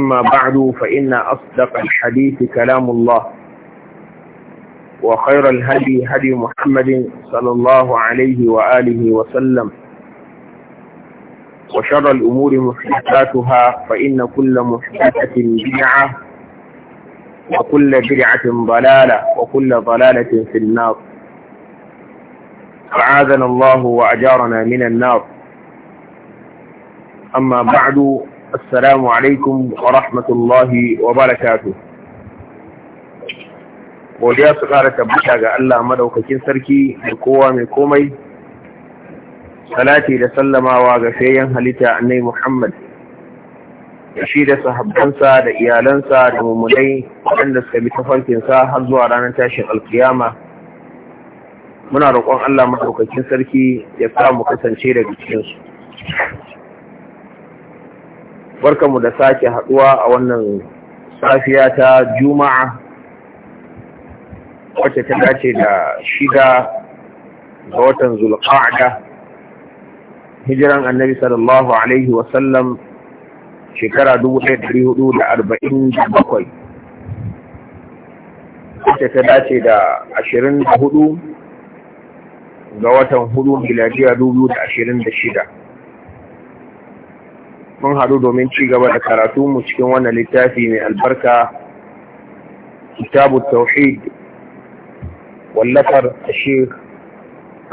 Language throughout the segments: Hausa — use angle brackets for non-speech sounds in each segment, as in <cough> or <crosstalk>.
أما بعد فإن أصدق الحديث كلام الله وخير الهدي هدي محمد صلى الله عليه وآله وسلم وشر الأمور محدثاتها فإن كل محدثة بدعة وكل بدعة ضلالة وكل ضلالة في النار أعاذنا الله وأجارنا من النار أما بعد السلام alaikum wa rahmatullahi wa barakatu. godiya su ƙara tabbata ga Allah madaukakin sarki da kowa mai komai salati da sallamawa ga fayyan halitta annai Muhammad da shi da sahabbansa da iyalansa da mummunai waɗanda suka bi tafarkinsa har zuwa ranar tashin alkiyama muna roƙon Allah madaukakin sarki ya sa mu kasance daga cikinsu barkanmu da sake haduwa a wannan safiya ta juma'a wacce ta dace da shida ga watan zulqa'da hijiran annabi sallallahu alaihi wasallam shekara 1447 wacce ta dace da 24 ga watan hudu miladiya 2026 mun haɗu domin ci gaba da karatu mu cikin wannan littafi mai albarka kitabu tauhid wallafar ashir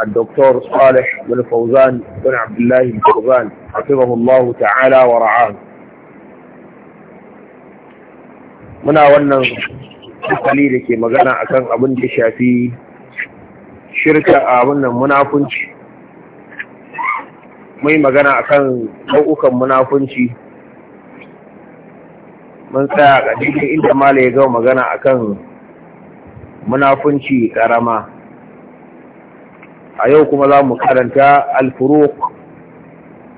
الدكتور صالح بن فوزان بن عبد الله بن فوزان muna wannan kali da ke magana akan abin da shafi shirka a wannan munafunci mun yi magana kan nau'ukan munafunci mun tsaya a cikin inda mala ya gama magana a kan munafunci ƙarama. a yau kuma za mu karanta alfuruk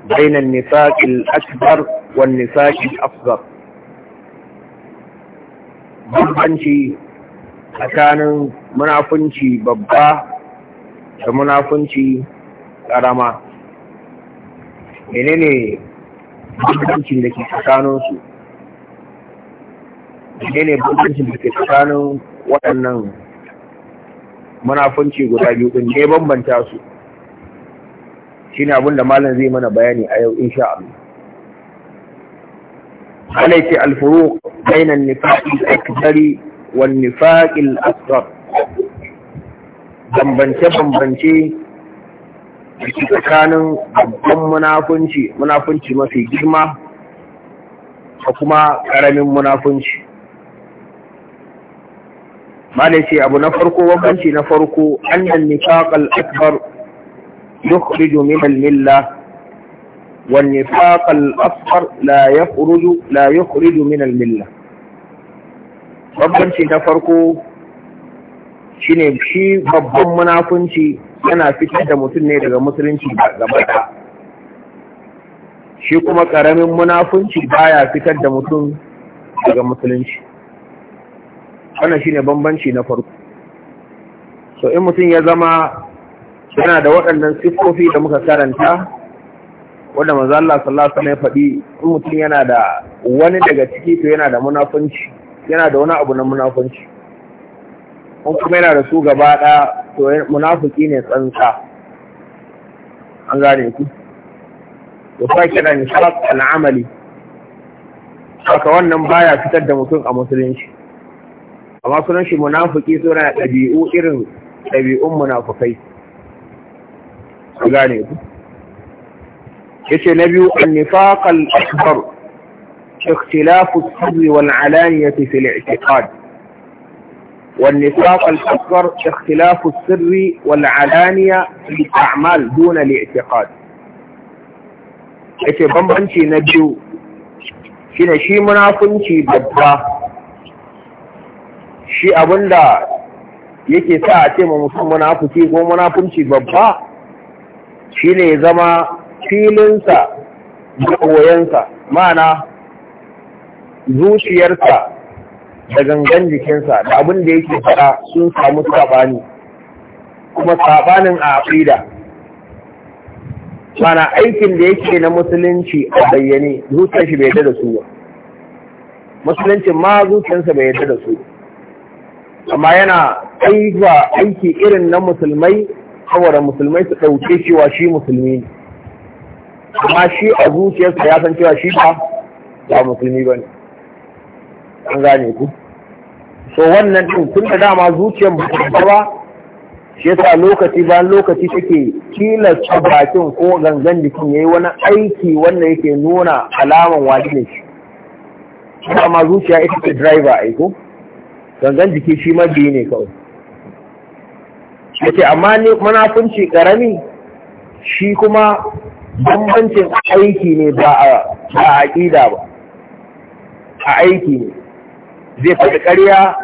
bainan nisaƙil akbar wan nisaƙil afgar bambanci tsakanin munafunci babba da munafunci ƙarama. menene bambancin da ke tsakanin su menene bambancin da ke tsakanin waɗannan munafunci guda biyu din ne bambanta su shine abin da malam zai mana bayani a yau insha Allah عليك الفروق بين النفاق الأكبر والنفاق الأصغر bambance-bambance Jiki tsakanin babban munafunci, munafunci mafi girma da kuma ƙaramin munafunci. Malai ce abu na farko, wakanci na farko, annan nifaq al-akbar يخرج من الملة والنفاق الأصغر لا يخرج لا يخرج من الملة ربنا shine shi babban munafunci yana fitar da mutum ne daga musulunci gaba da shi kuma karamin munafunci baya fitar da mutum daga musulunci wannan shine bambanci na farko so in mutum ya zama yana da waɗannan siffofi da muka karanta wanda manzo Allah sallallahu alaihi wasallam faɗi in mutum yana da wani daga ciki to yana da munafunci yana da wani abu na munafunci in kuma yana da su gaba ɗaya to munafiki ne tsantsa an gane ku to sa kira ne sharaf al'amali haka wannan baya fitar da mutum a musulunci amma sunan shi munafiki suna ɗabi'u irin ɗabi'un munafukai an gane ku yace na biyu annifaq al-akbar ikhtilafu as-sirri wal-alaniyati fil i'tiqad والنفاق الأكبر اختلاف السر والعلانية في الأعمال دون الاعتقاد yake bambanci na biyu shine shi munafunci babba shi abinda yake sa a ce ma mutum munafuki ko munafunci babba shine ya zama filinsa da koyansa ma'ana zuciyarsa da gangan jikinsa da abin da yake fara sun samu sabani kuma saɓanin a Afrida. mana aikin da yake na musulunci a bayyane zuciyar shi bai yadda da su ba musuluncin ma zuciyarsa bai yadda da su amma yana aiwa aiki irin na musulmai saboda musulmai su ɗauke cewa shi musulmi ne amma shi a zuciyarsa ya san cewa shi ba ba musulmi ba ne an gane ku so wannan din tun da dama zuciyar ba ba shi yasa lokaci bayan lokaci take tilasta bakin ko gangan jikin yayi wani aiki wanda yake nuna alaman wajibin shi kuma zuciya ita ce driver aiko gangan jiki shi ma biyu ne kawai yace amma ne munafunci karami shi kuma bambancin aiki ne ba a aqida ba a aiki ne zai faɗi ƙarya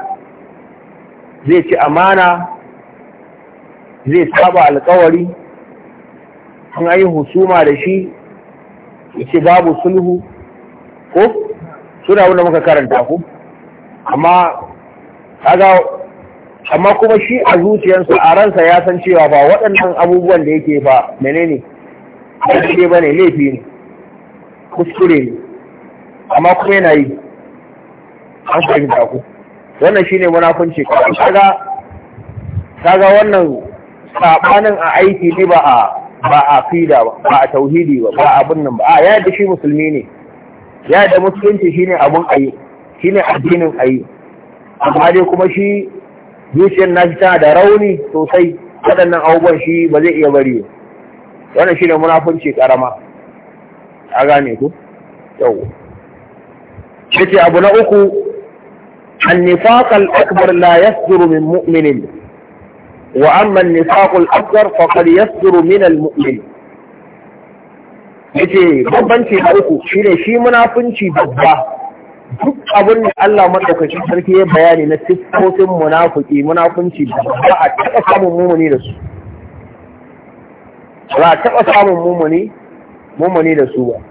zai ci amana zai saba alkawari an ayi husuma da shi ce babu sulhu ko suna wanda muka karanta ku amma kaga amma kuma shi a zuciyarsa a ransa ya san cewa ba waɗannan abubuwan da yake ba menene ba ne laifi ne kuskure ne amma kuma yana yi an fahimta ku wannan shine munafunci kaga kaga wannan sabanin a aiki ne ba a ba a fida ba ba a tauhidi ba ba abin nan ba a ya da shi musulmi ne ya da musulunci shine abun ayi shine addinin ayi amma dai kuma shi zuciyar nashi tana da rauni sosai waɗannan abubuwan shi ba zai iya bari ba wannan shine munafunci karama a gane ku yau shi abu na uku النفاق الأكبر لا يصدر من مؤمن وأما النفاق الأكبر فقد يصدر من المؤمن yace babbanci na uku shine shi munafunci babba duk abin da Allah madaukakin sarki ya bayani na siffofin munafiki munafunci babba a taɓa samun mumuni da su ba a taɓa samun mumuni mumuni da su ba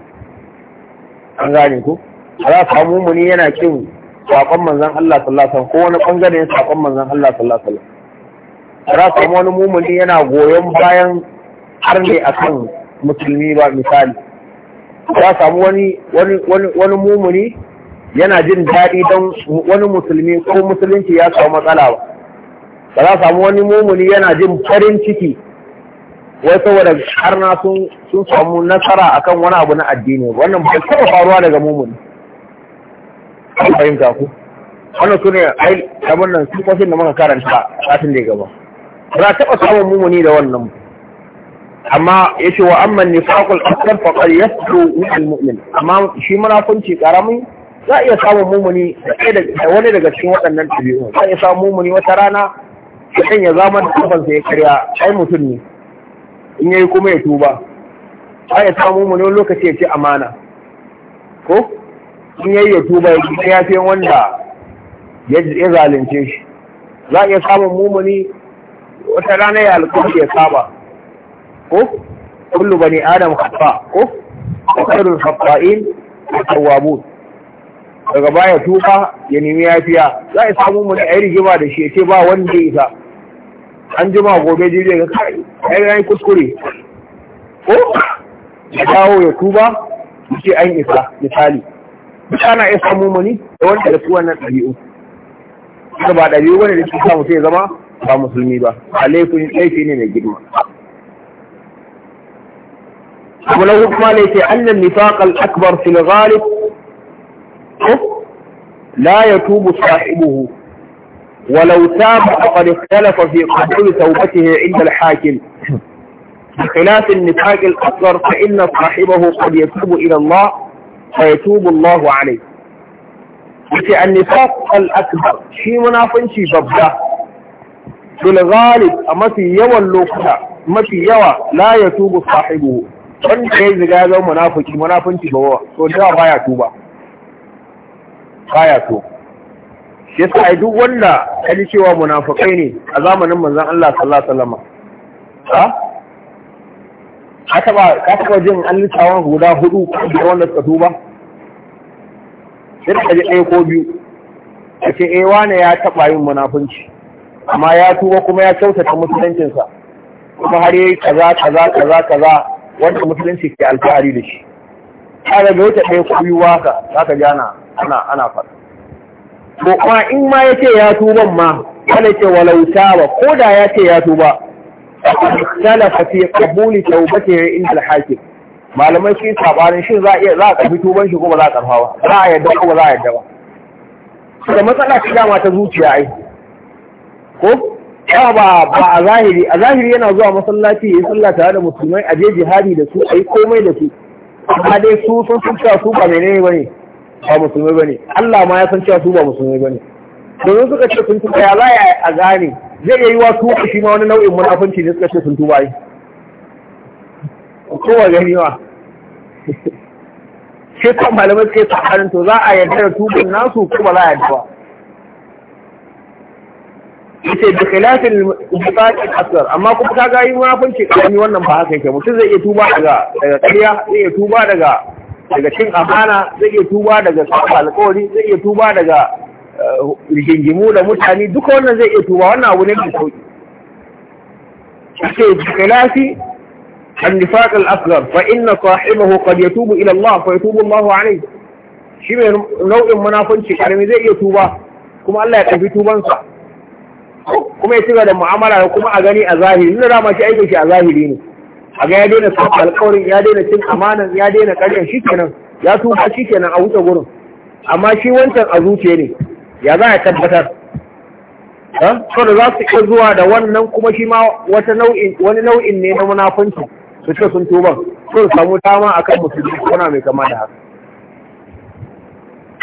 an gane ku a za a samu mumuni yana kin sakon manzan Allah sallallahu alaihi wasallam ko wani bangare na sakon manzan Allah sallallahu alaihi wasallam ra samu wani mumuni yana goyon bayan har ne akan musulmi ba misali ra samu wani wani wani mumuni yana jin daɗi don wani musulmi ko musulunci ya samu matsala ba ba za samu wani mumuni yana jin farin ciki wai saboda na sun samu nasara akan wani abu na addini wannan ba taɓa faruwa daga mumuni fahimta ku wannan su ne ai kamar nan kwasin da muka karanta satin da gaba ba taɓa samun mumuni da wannan amma ya ce wa amman nifaqul akbar ya yasdu min mumin amma shi munafunci karami za a iya samun mumuni da wani daga cikin waɗannan ɗabi'u za a iya samun mumuni wata rana sai ya zama da kafansa ya karya ai mutum ne in yayi kuma ya tuba za a iya samun mumuni wani lokaci ya ce amana ko in yayi ya tuba ya ya wanda ya zalunce shi za a iya samun mumuni wata rana ya alƙawari ya saba ko kullu bani adam khata ko khairul a tawwabun daga baya tuba ya nemi ya yafiya za a iya samu mu da rigima da shi ya ce ba wanda ya isa an jima gobe jirgin ga kai ya yi kuskure ko ya dawo ya tuba ya ce an isa misali ana iya samu mani da wanda da su wannan ɗabi'u da ba ɗabi'u wanda da su samu sai zama ba musulmi ba a laifin laifi ne mai girma abu na hukuma ne ce annan nifaq al-akbar fil ghalib la yatubu sahibuhu ولو تاب فقد اختلف في قبول توبته عند الحاكم بخلاف النفاق الأصغر فإن صاحبه قد يتوب إلى الله فيتوب الله عليه yace annifaq al-akbar shi munafunci babba bil ghalib a mafi yawan lokuta mafi yawa la yatubu sahibu wanda ya ziga zan munafiki munafunci ba so da baya tuba baya to shi yasa ai wanda kaji cewa munafikai ne a zamanin manzon Allah sallallahu ka taba ka taba jin an littawan guda hudu da wanda suka tuba sai ka ji ɗaya ko biyu a ce eh wane ya taba yin munafunci amma ya tuba kuma ya kyautata musuluncinsa kuma har yi kaza kaza kaza kaza wanda musulunci ke alfahari da shi kada ga wata ɗaya ko biyu waka ka, ji ana ana ana faɗa to kuma in ma yace ya tuban ma kada ce walau ba ko da ya ce ya tuba ikhtalafa fi qabuli tawbatihi inda al-hakim malamai sun sabanin shin za a iya za a karbi tuban shi ko ba za a karfa ba za a yadda ko ba za a yadda ba da matsala ta dama ta zuciya ai ko ba ba ba a zahiri a zahiri yana zuwa masallaci ya sallah tare da musulmai a je jihadi da su ai komai da su amma dai su sun san cewa su ba menene bane ba musulmai bane Allah ma ya san cewa su ba musulmai bane domin suka ce sun tuka ya za a gane zai iya yi wa su shi ma wani nau'in munafunci ne suka ce sun tuba yi kowa gani ma <laughs> sai kan malamai suka yi tsakanin to za a yarda da tubin nasu ko ba za a yarda ba yace da khilafin mutaqin asar amma kuma ta yi munafunci kani wannan ba haka yake mutum zai iya tuba daga daga ƙarya zai iya tuba daga daga cin amana zai iya tuba daga sabon alƙawari zai iya tuba daga rigingimu da mutane duka wannan zai iya tuba wannan abu ne mai sauki ake khilafi النفاق الأصغر tubu ila قد يتوب إلى الله فيتوب الله ne? shi mai nau'in munafunci karami zai iya tuba kuma Allah ya ɗafi tubansa kuma ya ci da mu'amala da kuma a gani a zahiri inda dama shi aikin shi a zahiri ne a ga ya daina sun alƙawarin ya daina cin amanan ya daina ƙarya shi kenan ya tuba shi kenan a wuce gurin amma shi wancan a zuciya ne ya za a tabbatar So da za su iya zuwa da wannan kuma shi ma wani nau'in ne na munafunci su ce sun tuban sun samu dama a kan musulmi kuna mai kama da haka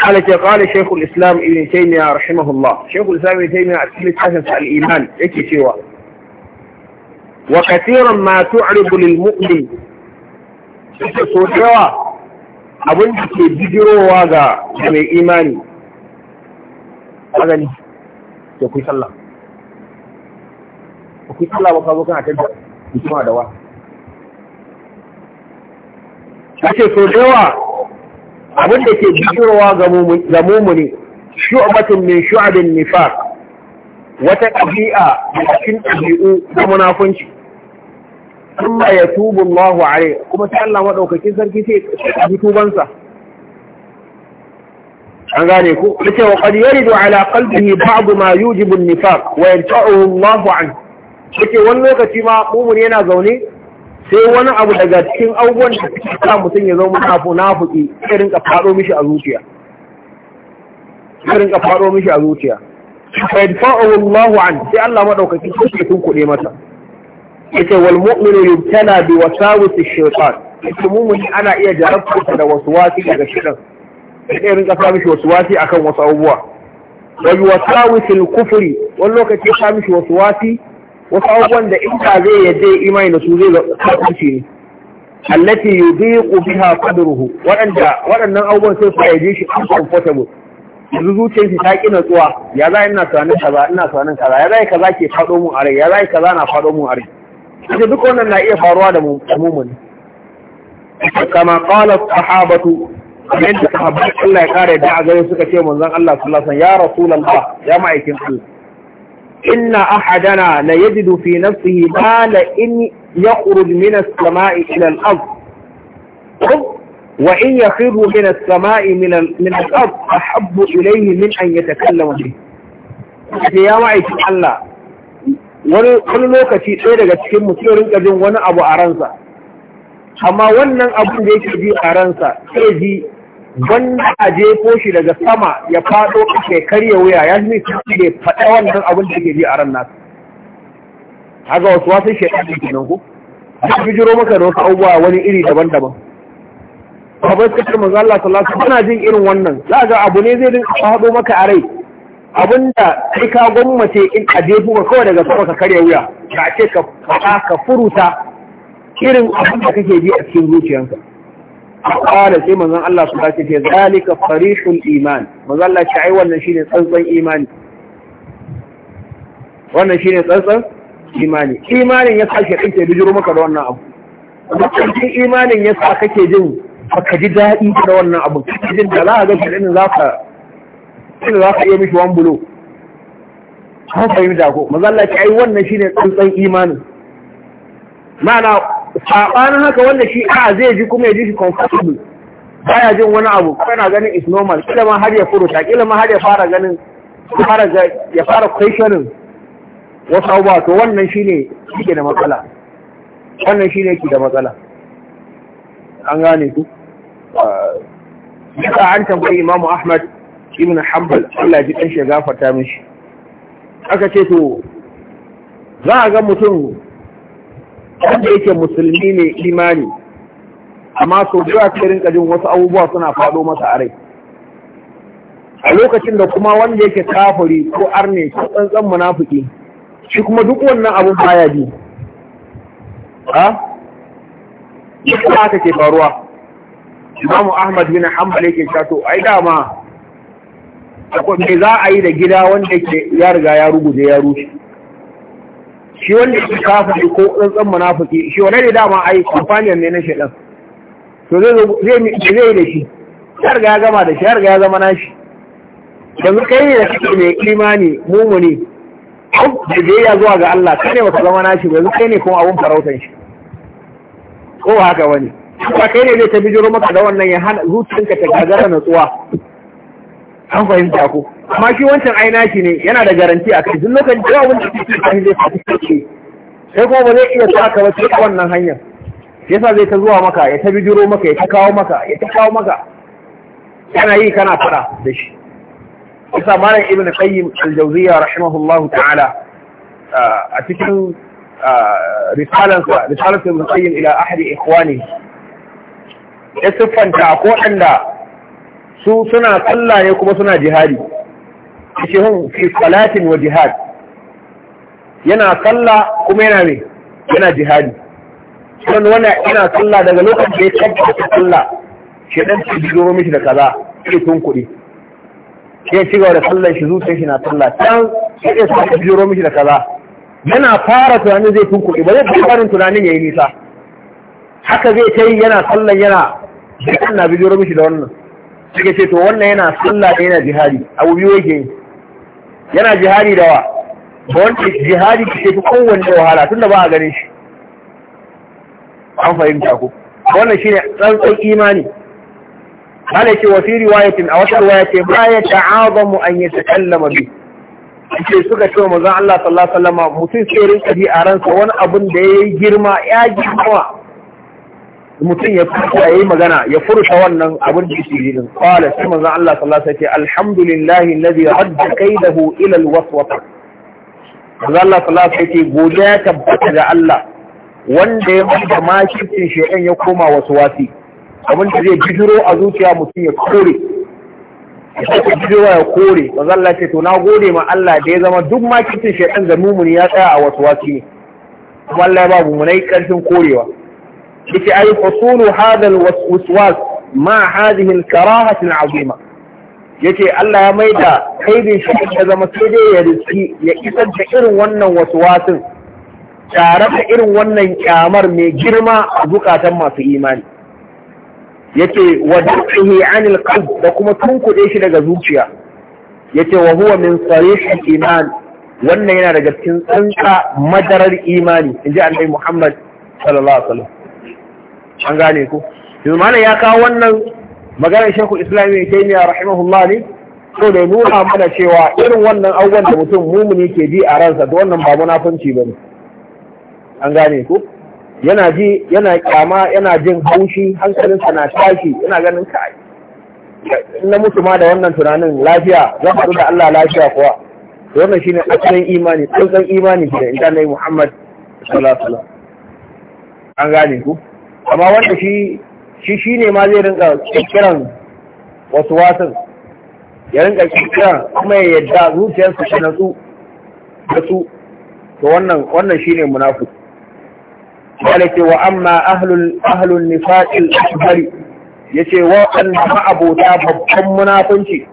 قال قال شيخ الإسلام ابن تيمية رحمه الله شيخ الإسلام ابن تيمية أسئلة أساس الإيمان يكي شوى وكثيرا ما تعرض للمؤمن سوى أبن تكي بجروا واغا من إيماني a gani to sallah ku kuyi sallah ba ka zo kana tabbata hikima da wa ake so da yawa abin da ke bijirwa ga mumuni shu'abatin min shu'abin nifaq wata ɗabi'a da cikin ɗabi'u na munafunci Allah ya tubu Allahu alaihi kuma ta Allah madaukakin sarki sai ya tubansa an gane ku yace wa qad yaridu ala qalbihi ba'd ma yujibu an-nifaq wa yanta'uhu Allahu an yace wani lokaci ma mu'min yana zaune sai wani abu daga cikin abubuwan da suke sa mutum ya zama munafu nafuki sai rinka fado mishi a zuciya sai rinka fado mishi a zuciya fa yanta'uhu Allahu an sai Allah madaukaki sai ya tunkuɗe mata yace wal mu'minu yubtala bi wasawisi shaytan yace mu'min ana iya jarabta da waswasi daga shaytan da ɗaya rinka sa mishi wasu wasi akan wasu abubuwa wani wasawi fil kufuri wani lokaci ya sa mishi wasu wasi wasu abubuwan da in ka zai yadda ya imani da su zai kafirci ne allati yudiqu biha qadruhu ruhu. waɗannan abubuwan sai su yaje shi uncomfortable yanzu zuciyar shi ta ki natsuwa ya za ina tunanin kaza ina tunanin kaza ya za kaza ke faɗo mun a rai ya za kaza na faɗo mun a rai duk wannan na iya faruwa da mu mu'min kama qala sahabatu kamar da sahabbai Allah ya kare da a gare suka ce manzon Allah sallallahu ya wasallam ya ya ma'aikin Allah inna ahadana la yajidu fi nafsihi ma la in yakhruj min as-sama'i ila al-ard wa in yakhiru min as-sama'i min al-ard ahabbu ilayhi min an yatakallama bihi ya ma'aikin Allah wani wani lokaci ɗaya daga cikin mutum rinka jin wani abu a ransa amma wannan abun da yake ji a ransa sai ji wanda a jefo shi daga sama ya fado ke karya wuya ya zai su ne faɗa wannan abin da ke ji a ran nasu haka wasu wasu shaidan da kenan ku ya fi jiro maka da wasu abubuwa wani iri daban-daban A bai ce manzo Allah sallallahu alaihi wasallam jin irin wannan za ga abu ne zai dinka fado maka a rai abinda kai ka gwammace in a jefo ka kawai daga sama ka karya wuya ka ce ka faɗa ka furuta irin abin da kake ji a cikin zuciyarka qala sai manzon Allah su dace ke zalika farihul iman manzon Allah ce ai wannan shine tsantsan imani wannan shine tsantsan imani imanin ya sake kake bijiro maka da wannan abu dukkan imanin ya sa kake jin baka ji dadi da wannan abu kake jin da za ka ga kudin za ka kudin za ka iya mishi wan bulo an fahimta ko manzon Allah ce ai wannan shine tsantsan imani ma'ana saɓanin haka wanda shi a zai ji kuma ya ji shi comfortable baya jin wani abu kana ganin is normal kila ma har ya furuta kila ma har ya fara ganin ya fara questioning wasu abubuwa to wannan shine yake da matsala wannan ne yake da matsala an gane ku yasa an tambayi imamu ahmad ibn hanbal Allah ji dan shi gafarta mishi aka ce to za a ga mutum wanda yake musulmi ne imani amma so da yawa rinka jin wasu abubuwa suna faɗo masa a rai a lokacin da kuma wanda yake kafiri ko arne ko tsantsan munafiki shi kuma duk wannan abun baya bi ha duk haka ke faruwa Imamu Ahmad bin Hanbal yake cewa to ai dama me za a yi da gida wanda yake ya riga ya ruguje ya rushe shi wanda yake kafiri ko tsantsan munafiki shi wanda ne dama ai companion ne na shedan to zai zai zai da shi har ga ya gama da shi har ga ya zama nashi yanzu kai ne da kake mai imani mumuni da zai ya zuwa ga Allah kai ne baka zama nashi ba yanzu kai ne kuma abun farautan shi ko ba haka wani ba kai ne zai ta bijiro maka da wannan ya hana zuciyarka ta gagara natsuwa an fahimta ko amma shi wancan aina shi ne yana da garanti a kai duk lokacin da abin da kike kai zai faɗi kake sai kuma ba zai iya saka ba sai wannan hanyar yasa zai ta zuwa maka ya ta bijiro maka ya ta kawo maka ya ta kawo maka yana yi kana fara da shi yasa malam ibnu qayyim al-jawziyya rahimahullahu ta'ala a cikin risalansa risalansa ibnu qayyim ila ahadi ikhwani ya siffanta ko waɗanda su suna tsalla ne kuma suna jihadi yace hun fi salatin wa jihad yana tsalla kuma yana me yana jihadi don wanda yana tsalla daga lokacin da ya tabbata tsalla shi ɗan ce ci biyo mishi da kaza ke tun kuɗi Ya ci gaba da sallar shi zuciyar shi na tsalla can sai ya sa biyo mishi da kaza yana fara tunanin zai tun kuɗi ba zai fi farin tunanin yi nisa haka zai ta yi yana tsallan yana tsalla na biyo mishi da wannan suka ce to wannan yana sallah da yana jihadi abu biyu yake yana jihadi da wa Ba wanda jihadi ke fi kowanne wahala tunda ba a ganin shi an fahimta ku wannan shine tsantsan imani ana ce wa fi riwayatin a wata riwaya ce ba ya ta'azamu an takallama bi ce suka ce manzon Allah sallallahu alaihi wasallam mutum sai rinka bi a ransa wani abun da yayi girma ya girma mutum ya furta yayi magana ya furta wannan abin da yake din qala sai manzon Allah sallallahu alaihi wasallam ce alhamdulillahi alladhi radda kaydahu ila alwaswata manzon Allah sallallahu alaihi wasallam ce godiya tabbata ga Allah wanda ya manta makircin shekan ya koma wasu wasi abin da zai bijiro a zuciya mutum ya kore ya bijiro ya kore manzon Allah ce to na gode ma Allah da ya zama duk makircin shekan da mumuni ya tsaya a wasu wasi ne kuma Allah ya ba mu munai karfin korewa yace ai husulu hadha alwaswas ma hadhihi alkarahah alazima yace Allah ya maida kaibin shi ya zama sai dai ya riski ya isar da irin wannan waswasin tare da irin wannan kyamar mai girma a zukatan masu imani yace wa dafihi anil qalb da kuma tunkuɗe shi daga zuciya yace wa huwa min sarih iman wannan yana daga cikin tsantsa madarar imani inji Annabi Muhammad sallallahu alaihi wasallam an gane ku yanzu ya kawo wannan maganar shekul islami taimiya rahimahullah ne so da nuna mana cewa irin wannan abubuwan da mutum mumuni ke ji a ransa da wannan ba munafunci ba ne an gane ku yana ji yana kyama yana jin haushi hankalinsa na tashi yana ganin kai na mutu ma da wannan tunanin lafiya za a da Allah lafiya kuwa wannan shine asalin imani tsantsan imani da inda nayi Muhammad sallallahu alaihi wasallam an gane ku amma wanda shi shi ne ma zai rinka kiran wasu wasan ya rinka kiran kuma ya yadda zuciyarsa ta natsu da su to wannan wannan shine munafiki walace wa amma ahlul ahlul nifaqil Ya yace wa anna babban munafunci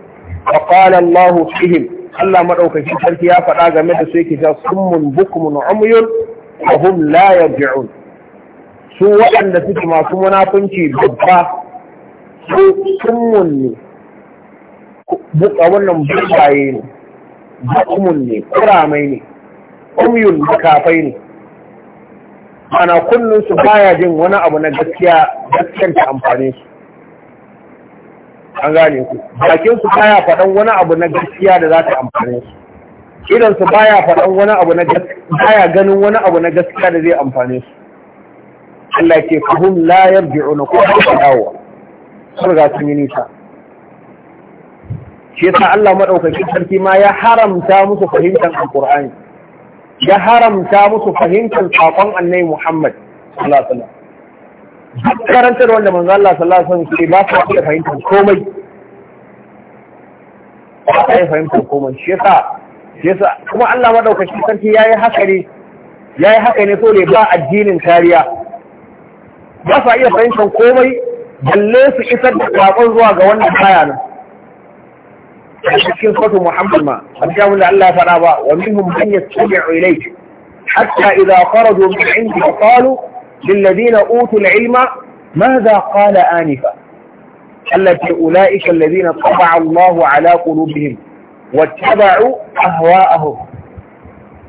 fa qala Allah fihim Allah madaukakin sarki ya faɗa game da su yake cewa summun bukmun umyun wa hum la yarji'un su waɗanda suke masu munafunci babba su sunmun ne a wannan bukaye ne zakumun ne kuramai ne umyun makafai ne ana kullum su baya jin wani abu na gaskiya gaskiyar ta amfani su an gane ku bakin su baya faɗan wani abu na gaskiya da za ta amfani su idan su baya faɗan wani abu na gaskiya baya ganin wani abu na gaskiya da zai amfani su Allah ke fahim la yarji'una ko ba dawo sun riga sun yi nisa shi yasa Allah madaukakin sarki ma ya haramta musu fahimtar alqur'ani ya haramta musu fahimtar sakon annabi Muhammad sallallahu alaihi wasallam karantar wanda manzo Allah sallallahu alaihi wasallam ke ba su da fahimtar komai ba su yi fahimtar komai shi yasa yasa kuma Allah madaukaki sarki yayi hakari yayi haka ne so ne ba addinin kariya ba sa iya fahimtar komai balle su isar da saƙon zuwa ga wannan baya nan a cikin sautu muhammad ma a cikin da Allah ya faɗa ba wa minhum man yastami'u ilayk hatta idza kharaju min indika qalu lil ladina utul ilma ماذا قال آنفا التي أولئك الذين طبع الله على قلوبهم واتبعوا أهواءهم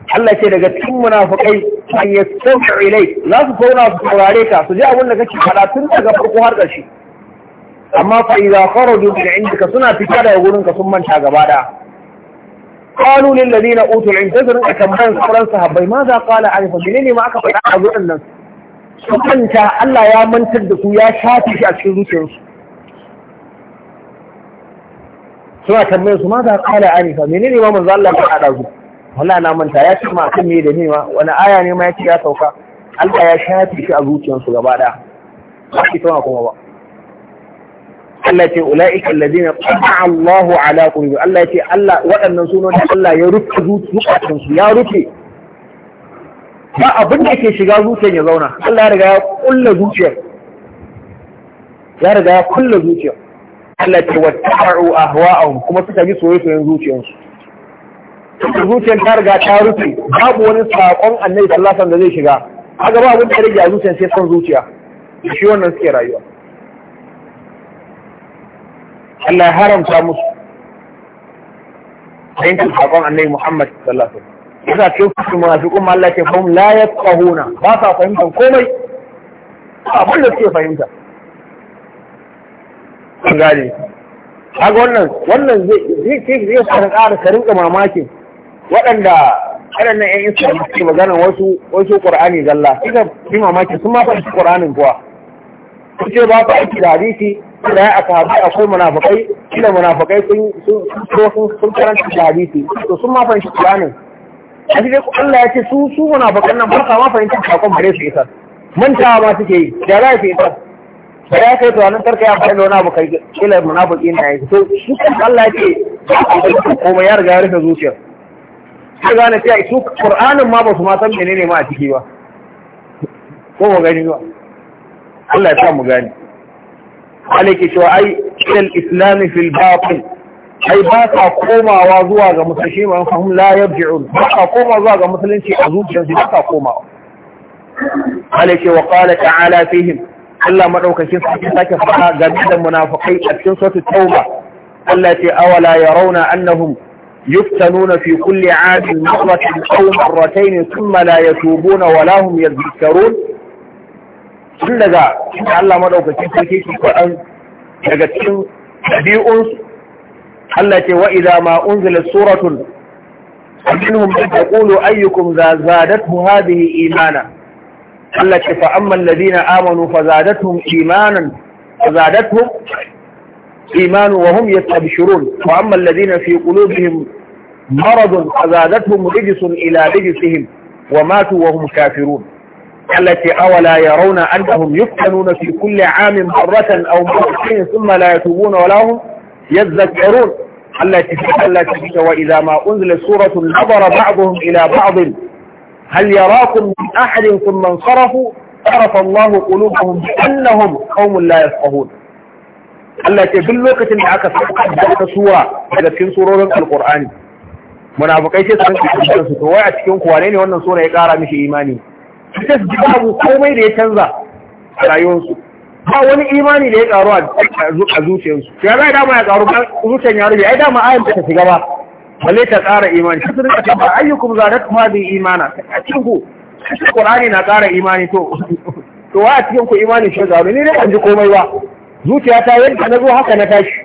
Allah ce daga cikin munafukai an yastami ilai za su fauna su saurare ka su ji abin da kake faɗa tun daga farko har ƙarshe amma fa idza kharaju min indika suna fita daga gurin ka sun manta gaba da qalu lil ladina utul ilm tazrun ka tambayan sauran sahabbai ma za qala alifa ne ma aka faɗa a gurin nan sun manta Allah ya mantar da su ya shafi shi a cikin zuciyarsu suna tambayan su ma za qala alifa ne ma manzo Allah ya faɗa da su wallahi na manta ya ce ma kan me da nema wani aya ne ma ya ce ya sauka Allah ya shafi shi a zuciyarsu gaba ɗaya ba shi tona kuma ba Allah ce ula'ika alladhina qata'a Allahu ala qulubi Allah ce Allah waɗannan sunan da Allah ya rufe zuciyarsu su ya rufe ba abin da ke shiga zuciyar ya zauna Allah ya riga ya kulla zuciyar ya riga ya kulla zuciyar Allah ce watta'u ahwa'ahum kuma suka bi soyayyen zuciyarsu da zuciyar ta riga ta rufe babu wani sakon annabi sallallahu alaihi da zai shiga haka ba abin da ya rage a zuciyar sai son zuciya da shi wannan suke rayuwa Allah ya haramta musu fahimtar sakon annabi Muhammad sallallahu alaihi wasallam yasa cikin kusa munafiqun kuma Allah ke fahim la yafqahuna ba sa fahimtar komai abin da suke fahimta an gane kaga wannan wannan zai zai zai fara ƙara ka rinka mamakin waɗanda waɗannan ƴan islam suke maganar wasu wasu qur'ani zalla kika yi mamaki sun ma fahimci qur'anin kuwa su ce ba ku aiki da hadisi da ya aka haɗu akwai munafakai kila munafakai sun sun sun karanta da hadisi to sun ma fahimci qur'anin a dai Allah ya ce su su munafakan nan ba mafa ma fahimci sakon bare su isar mantawa ma suke yi da za su isar da ya kai tunanin karka ya faɗi da wani abu kai kila munafiki na ya to shi Allah ya ce ba komai ya riga ya rufe zuciyar Ka gane cewa su Qur'anin ma ba su ma san menene ma a ciki ba ko mu gani ba Allah ya sa mu gani alaiki cewa ai ilal islami fil batin ai ba ka komawa zuwa ga musulunci ma fahim la yarji'un ba ka koma zuwa ga musulunci a zuciyarsu ba ka komawa alaiki wa qala ta'ala fihim Allah madaukakin sa sake fara game da munafikai a cikin suratul tauba Allah ce awala yarawna annahum يفتنون في كل عام مرة أو مرتين ثم لا يتوبون ولا هم يذكرون tun daga Allah madaukakin sarki ke faɗan daga cikin ɗabi'un Allah ce wa idza ma unzila suratun minhum man yaqulu ayyukum zadatuhu hadhihi imana Allah ce fa amma alladhina amanu fazadatuhum imanan fazadatuhum إيمان وهم يستبشرون وأما الذين في قلوبهم مرض فزادتهم رجس إلى رجسهم وماتوا وهم كافرون التي أولا يرون أنهم يفتنون في كل عام مرة أو مرتين ثم لا يتوبون ولا هم يذكرون التي التي وإذا ما أنزلت سورة نظر بعضهم إلى بعض هل يراكم من أحد ثم انصرفوا عرف الله قلوبهم بأنهم قوم لا يفقهون Allah ce duk lokacin da aka sauka da aka suwa daga cikin surorin Alƙur'ani munafukai sai su rinka cikin su to wai a cikin kuwa ne wannan sura ya kara mishi imani ce su ji babu komai da ya canza a rayuwarsu ba wani imani da ya karu a zuciyarsu ya zai dama ya karu zuciyar ya rufe ai dama ayan ta shiga ba balle ta ƙara imani sai su rinka cewa ayyukum zadat kuma bi imana a cikin ku ƙur'ani na ƙara imani to <laughs> to wa a cikin ku imani shi ƙaru ni ne ban ji komai ba zuciya ta yadda na zo haka na tashi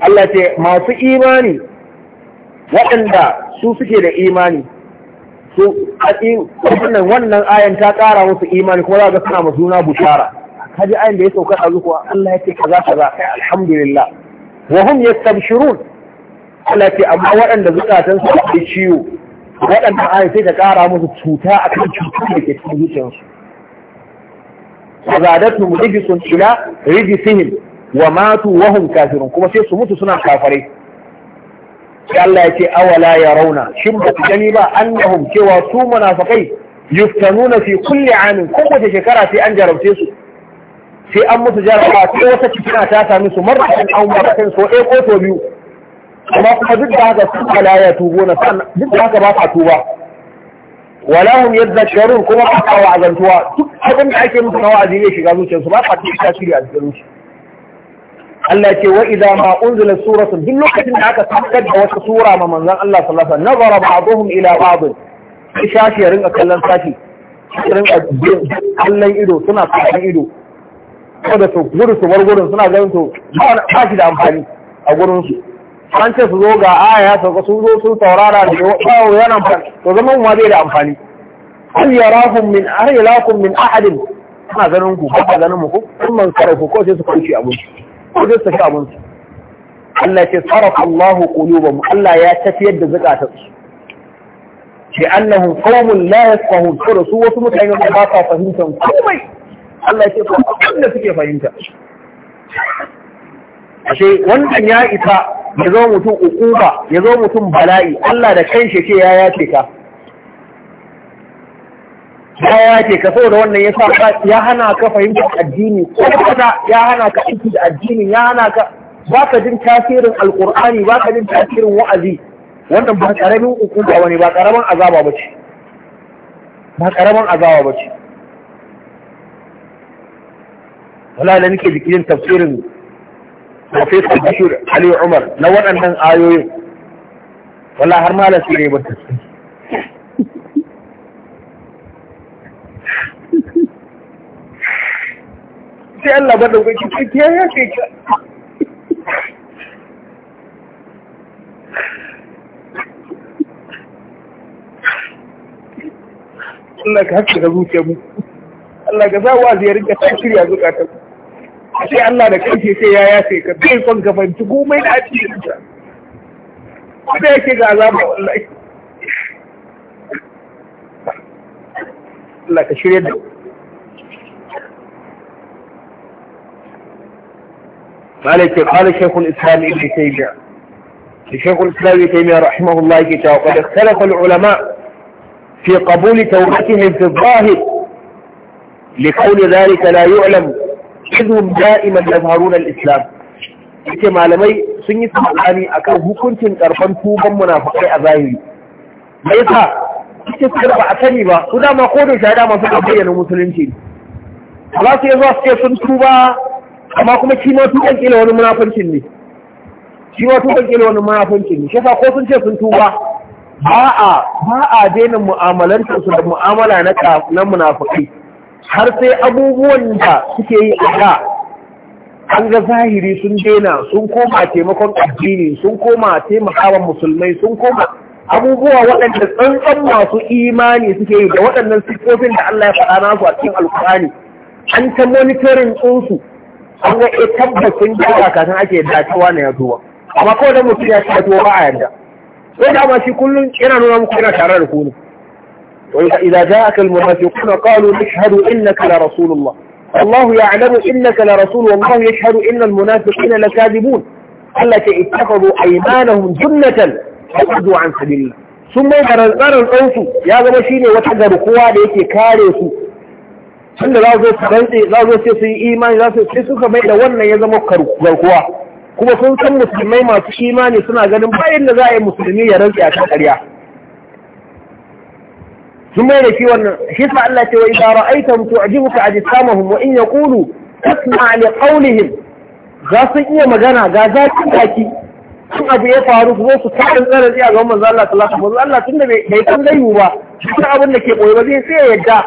Allah ce masu imani waɗanda su suke da imani su wannan wannan ayan ta ƙara musu imani kuma za ga suna masu juna bushara kaji ayan da ya saukar a zuwa Allah ya ce kaza kaza kai alhamdulillah wa hum yastabshirun Allah ce amma waɗanda zukatan su da ciwo waɗanda ayan sai ta ƙara musu cuta akan cutar da ke cikin zuciyarsu fazadatu rijisun ila rijisihim wa matu wa hum kafirun kuma sai su mutu suna kafare sai Allah ya ce awala yarawna shin ba su gani ba annahum cewa su munafikai yuftanuna fi kulli amin wace shekara sai an jarabce su sai an musu jarabawa sai wata cikina ta sami su marratan an marratan so ɗaya ko to biyu amma kuma duk da haka su ala ya tubo na duk da haka ba ka tuba walahum yadhakkarun kuma ba ka wa'azantuwa duk abin da ake musu na wa'azi shiga zuciyarsu ba ka cikin tasiri a cikin shi Allah ce wa idza ma unzila suratun duk lokacin da aka saukar da wata sura ma manzon Allah sallallahu alaihi wasallam nazara ba'dhum ila ba'd shashi ya rinka kallon sashi rinka kallon ido suna kallon ido saboda su gudu su bar gudun suna ganin to ba shi da amfani a gurin an su zo ga aya ya sauka sun zo sun saurara da yawo yana amfani to zaman ma zai da amfani hal yarakum min hal yarakum min ahadin ana ganin ku ba ganin mu ko kun man sarrafa ko sai su kunci abinci. ko sai su sha abinci. Allah ce sarrafa Allahu qulubahum Allah ya tafiyar da zakata su ce annahum qaumun la yafqahun to su wasu mutane ba sa fahimtar komai Allah ce ko abin da suke fahimta ashe wannan ya isa ya zo mutum ukuba ya zo mutum bala'i Allah da kanshi ce ya yace ka ya yace ka saboda wannan ya sa ya hana ka fahimtar addini ko kada ya hana ka aiki da addini ya hana ka ba ka jin tasirin alkur'ani ba ka jin tasirin wa'azi wannan ba karamin ukuba wani ba karaman azaba ba ce ba karaman azaba ba ce wala da nake jikin tafsirin Profesor Bashir Ali Umar na waɗannan ayoyin wala har ma su ne ba sai Allah ba da ya ce ka Allah ka da zuciya mu Allah ka wa ziyarin ta shirya sai Allah da kanshi sai ya yafe ka bai son ka fahimci komai da ake yi ko da yake ga azaba wallahi Allah ka shirya da مالك قال شيخ الإسلام ابن تيمية شيخ الإسلام ابن تيمية رحمه الله كتاب قد اختلف العلماء في قبول توبتهم في الظاهر لكون ذلك لا يعلم izhum da'iman da al-islam yake malamai sun yi a akan hukuncin karfan tuban munafukai a zahiri me yasa kike tsara ba a sani ba su dama ko da shahada masu bayyana musulunci Ba su yi zuwa suke sun tuba amma kuma shi ma tuban kila wani munafukin ne shi ma tuban kila wani munafincin ne shafa ko sun ce sun tuba ba a ba a daina mu'amalantar su da mu'amala na na har sai abubuwan da suke yi a da an ga zahiri sun dena sun koma taimakon addini sun koma taimakon musulmai sun koma abubuwa waɗanda tsantsan masu imani suke yi da waɗannan sikofin da Allah ya faɗa nasu a cikin alkurani an ta monitorin ɗinsu an ga e eh, tabbacin da kasan ake dacewa na yaduwa amma kawai da mutum ya ci tuwa ba a yadda. sai da ma shi kullum yana nuna muku yana tare da ku ne وإذا جاءك المنافقون قالوا نشهد إنك لرسول الله الله يعلم إنك لرسول والله يشهد إن المنافقين لكاذبون التي اتخذوا أيمانهم جنة فقدوا عن سبيل الله sun mai barazzanar ɗansu ya zama shi ne wata garkuwa da yake kare su tunda za zo su yi imani za su da wannan ya zama garkuwa kuma sun san musulmai masu imani suna ganin bayan da za a yi musulmi ya rantse a kan karya. sun mai da shi wannan shi sa Allah ce wa idza ra'aytum tu'jibuka ajsamuhum wa in yaqulu tasma' li qawlihim za su iya magana ga zakin baki in abu ya faru su zo su tarin tsarin a gaban manzo Allah sallallahu alaihi wasallam Allah tunda bai san gaibu ba duk abin da ke koyi ba zai sai yadda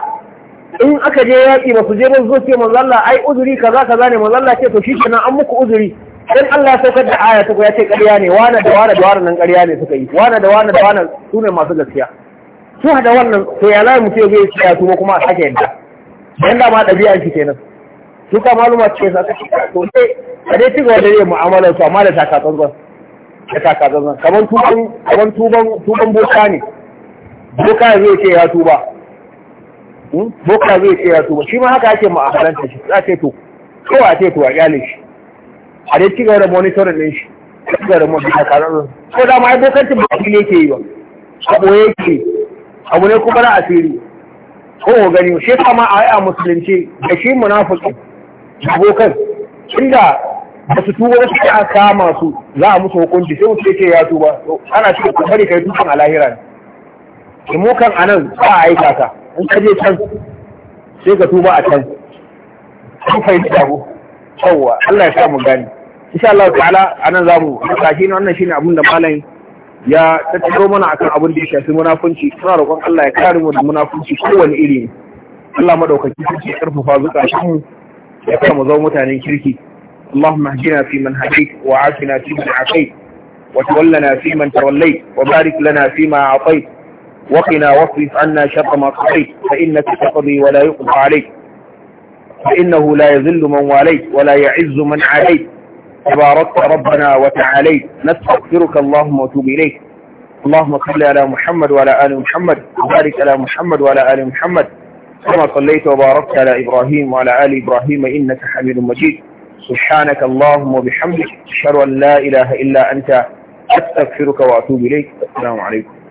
in aka je yaƙi ba su je ba zo ce manzo Allah ai uzuri kaza kaza ne manzo Allah ce to shi kenan an muku uzuri dan Allah ya saukar da aya ta ya ce ƙarya ne wani da wani da wani nan ƙarya ne suka yi wani da wani da wani su ne masu gaskiya su hada wannan to ya lai mutum zai ce ya tuba kuma a sake yadda yan da ma ɗabi'an ke kenan su ka maluma ce sa ka to sai a dai cigaba da yin mu'amalar su amma da takatsantsan da takatsantsan kamar tuban kamar tuban tuban boka ne boka zai ce ya tuba hmm? boka zai ce ya tuba shi ma haka ake mu'amalanta shi za ce to ko a ce to a kyale shi a dai cigaba da monitorin din shi cigaba da monitoring ko da ma ai bokancin ba shi ne ke yi ba a ɓoye ke abu ne kuma na asiri ko gani shi kama a yi a musulunci da shi munafiki abokan inda ba su tuba da sai a kama su za a musu hukunci sai wuce ce ya tuba ana ce ku bari kai dukan a lahira ne ki mu kan anan ba a aika ka in ka je can sai ka tuba a can kun fahimta ko yawwa Allah ya sa mu gani insha Allah ta'ala anan zamu tashi wannan shine abin da malamin ya tattaro mana akan abin da ya shafi munafunci suna roƙon Allah ya kare mu da munafunci kowane iri Allah madaukaki sarki ya karfafa zukatan mu ya kama zama mutanen kirki اللهم اهدنا فيمن هديت وعافنا فيمن عافيت وتولنا فيمن توليت وبارك لنا فيما اعطيت وقنا واصرف عنا شر ما قضيت فانك تقضي ولا يقضى عليك فانه لا يذل من واليت ولا يعز من عليت تباركت ربنا وتعاليت نستغفرك اللهم وتوب إليك اللهم صل على محمد وعلى آل محمد وبارك على محمد وعلى آل محمد كما صليت وباركت على إبراهيم وعلى آل إبراهيم إنك حميد مجيد سبحانك اللهم وبحمدك أشهد أن لا إله إلا أنت أستغفرك وأتوب إليك السلام عليكم